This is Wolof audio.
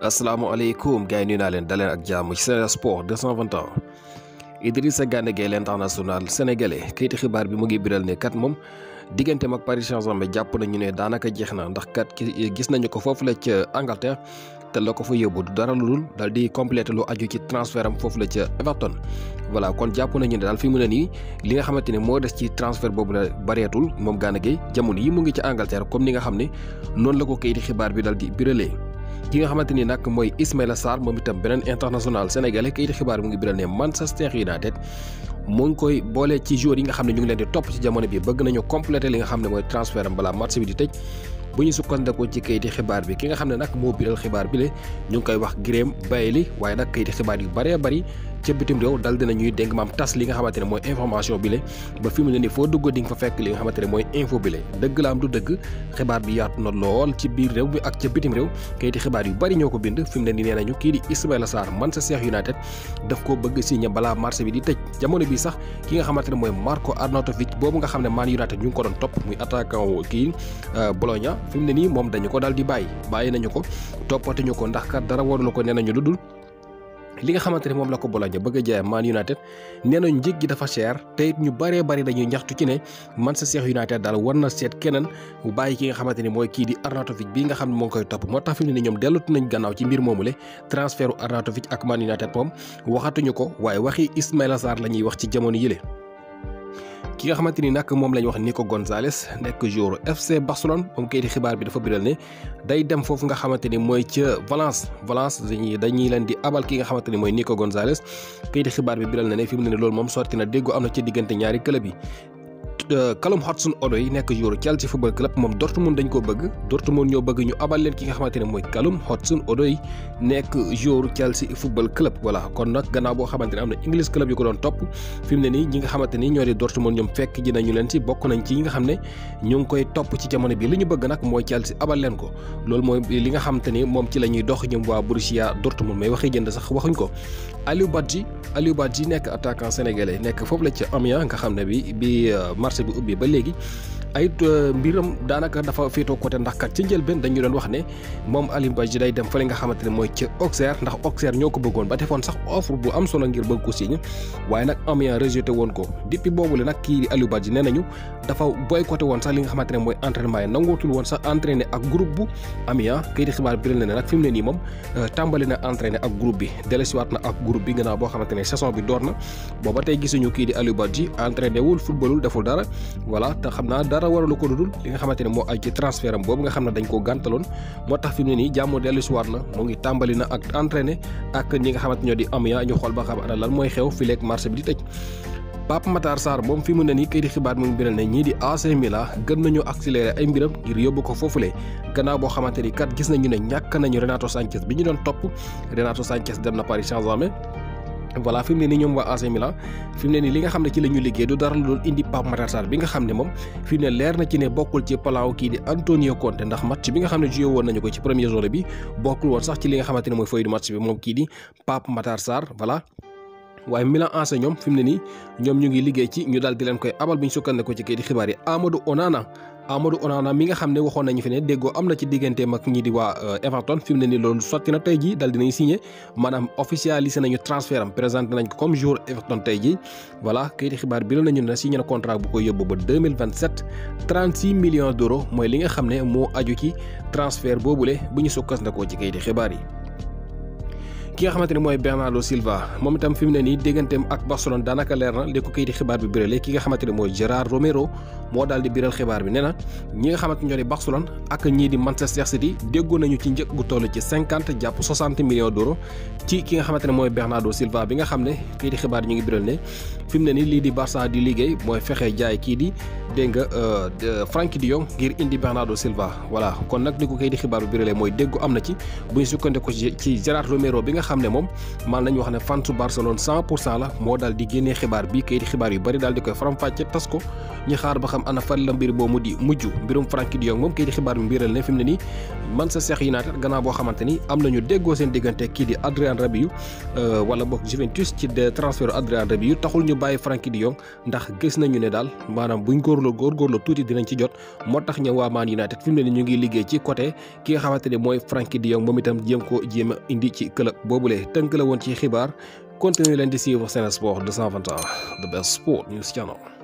assalamu gars gay ñu naa leen daleen ak jàmm ci sénégal Sport 220 ans Idrissa gane Gueye l'international sénégalais kayti xibaar bi mu ngi biral ne kat mom digganteem ak Paris Saint-Germain jàpp nañu ne daanaka jeex na ndax kat gis nañu ko fofu la ci Angleterre te lako fa yóbbu du dara lul dal di compléter lu aju ci transfert am foofu la ci Everton voilà kon jàpp nañu ne dal fi mu ne nii li nga xamante mo moo ci transfert bobu la bareetul mom gane Gueye jamono yi mu ngi ci Angleterre comme ni nga xamné non la ko kayti xibaar bi dal di biralé ki nga xamante ni nag mooy Ismaïla Sarr moom itam beneen international sénégalais kayit xibaar mu ngi biral ne Manchester United mu ngi koy boole ci joueurs yi nga xam ne ñu ngi leen di topp ci jamono bi bëgg nañu compléter li nga xam ne mooy transfert am balaa match bi di tëj bu ñu sukkandiku ci kayiti xibaar bi ki nga xam ne nag moo biral xibaar bi le ñu ngi koy wax Graham Bailey waaye nag kayiti xibaar yu bëree bari ca bitim réew dal dina ñuy dénk maam tas li nga xamante ne mooy information bi le ba fi mu ne nii foo dugg di nga fa fekk li nga xamante ne mooy info bi le dëgg la am du dëgg xibaar bi yaatu na lool ci biir réew bi ak ca bitim réew kayiti xibaar yu bari ñoo ko bind fi mu ne nii nee nañu kii di man Sarr Manchester United daf koo bëgg signé balaa marché bi di tëj jamono bi sax ki nga xamante ne mooy Marco Arnautovic boobu nga xam ne Man United ñu ngi ko doon topp muy attaquant kii euh, Bologna fi mu ne nii moom dañu ko daal di bàyyi bàyyi nañu ko toppatuñu ko ndax kat dara waru la ko nee nañu lu dul li nga xamante ne moom la ko Bologna bëgg a jaay Man United nee na njëg gi dafa cher te it ñu bëree bëri dañuy ñaxtu ci ne man sa Manchester United daal war na seet keneen bu bàyyi ki nga xamante ne mooy kii di Arnautovic bi nga xam ne moo koy topp moo tax fi mu ñoom dellutu nañ gannaaw ci mbir moomu le transferu Arnautovic ak Man United moom waxatuñu ko waaye waxi Ismaïla Sarr la ñuy wax ci jamono yile ki nga xamanteni nak mom lañ wax Nico Gonzalez nek joueur FC Barcelone moom kayiti xibar bi dafa biral ne day dem fofu nga xamanteni moy ci Valence Valence dañuy dañuy leen di abal ki nga xamanteni moy Nico Gonzalez kayiti xibar bi biral na ne fimu ne lool mom sorti na deggu amna ci digënté ñaari club yi Callum Hudson-Odoi nekk joueur Chelsea football club moom Dortmund dañ koo bëgg Dortmund ñoo bëgg ñu abal leen ki nga xamante mooy Callum Hudson-Odoi nekk joueur Chelsea football club voilà kon nag gannaaw boo xamante am na English club yu ko doon topp fi ne nii ñi nga xamante ñoo di Dortmund ñoom fekk ji nañu leen si bokk nañ ci nga xam ñu ngi koy topp ci jamono bi li ñu bëgg nag mooy Chelsea abal leen ko loolu mooy li nga xamante ni marché bu ubbee ba léegi ayit eh, mbiram danaka dafa feto côté ndax kat ci ben dañu doon wax ne mom Alioune Badji day dem fële nga xamante moy ci Auxerre ndax Auxerre ñoko bëggoon ba téfon sax offre bu am solo ngir bëgg ko signé waaye nak Amiens rejeté won ko depuis bobu le nak ki di Badji nee nañu dafa boycotté won sax li nga xamante ne entraînement yi nangootul sax entraîné ak groupe bu Amiens kii di xibaar biral na ne nag fi mu ne nii eh, na entraîné ak groupe bi wat na ak groupe bi gëna bo xamante saison bi door na ba tay gisunu ki di Alioune Badji entraîné wul footballul deful dara voilà ta xamna dara waralu ko dudul li nga xamanteni mo ay ci transferam bobu nga xamna dañ ko gantalon motax fimni ni jamu delu ci warna mo ngi tambali na ak entraîner ak ñi nga xamanteni ñodi di am ya ñu xol ba xam ana lan moy xew fi lek marché bi di tej Pap Matar Sar mom fimu ne ni kay di xibaar mu ngi bëral ne ñi di AC Milan gën nañu accélérer ay mbiram ngir yobbu ko foofule gannaaw boo xamante ni kat gis nañu ne ñak nañu Renato Sanchez bi ñu doon top Renato Sanchez dem na Paris Saint-Germain voilà fi mu ne nii ñoom waa AC Milan fi ne nii li nga xam ne ci la ñu liggéey du dara lu dul indi Pape Matar Sarr bi nga xam ne moom fi mu ne leer na ci ne bokkul ci palaaw kii di Antonio Conte ndax match bi nga xam ne joué woon nañu ko ci première journée bi bokkul woon sax ci li nga xamante ne mooy feuille du match bi moom kii di Pape Matar Sarr voilà. waaye Milan AC ñoom fi mu ne nii ñoom ñu ngi liggéey ci ñu daal di leen koy abal bu ñu sukkandiku ci kii di Amadou Onana mi nga xam ne waxoon nañu fi ne déggoo am na ci digganteem ak ñi di waa euh, Everton fi ne nii loolu sotti na tey jii dal dinañ signé maanaam officialisé nañu transfert présente présenté nañ ko comme joueur Everton tey jii voilà kayiti xibaar bi la nañu ne signé na contrat bu koy yóbbu ba 2027 36 mooy li nga xam ne moo aju ci boobu boobule bu ñu sukkandikoo ci kayiti xibaar yi ki nga xamante ni mooy Bernardo Silva moom itam fi mu ne nii dégganteem ak Barcelone daanaka leer na li ko kayiti xibaar bi birale ki nga xamante ne mooy Gérard Romero moo daal di biral xibaar bi ne na ñi nga xamante ñoo di Barcelone ak ñii di Manchester City déggoo nañu ci njëkk gu toll ci cinquante jàpp soixante millions d'euros ci ki nga xamante ne mooy Bernardo Silva bi nga xam ne kayiti xibaar ñu ngi biral ne fi ne nii lii di Barça di liggéey mooy fexe jaay kii di dégg nga euh, Frenkie de Jong ngir indi Bernardo Silva voilà kon nag li ko kayiti xibaar bi birale mooy déggu am na ci bu ñu sukkandiku ci Gérard bi nga xam ne moom man nañu wax ne fan su Barcelone 100 pour cent la moo dal di génnee xibaar bi kayit xibaar yu bari daal di koy faram-fàcce tas ko ñi xaar ba xam ana fan la mbir boo mu di mujj mbirum Frenkie de Jong moom kii di xibaar bi mbiral ne fi ne nii Manchester United gannaaw boo xamante ni am nañu déggoo seen diggante kii di Adrien Rabiot euh, wala boog Juventus ci transfert Adrien Rabiot taxul ñu bàyyi Frenkie de ndax gis nañu ne daal maanaam buñ góorloo góorgóorloo tuuti dinañ ci jot moo tax ñoom waa Man United fi mu ne nii ñu ngi liggéey ci côté ki nga ne mooy Frenkie de Jong moom itam jéem ko jéem a indi ci club woon ci xibaar continuez leen di suivre Sen Sport 221 the best sport news channel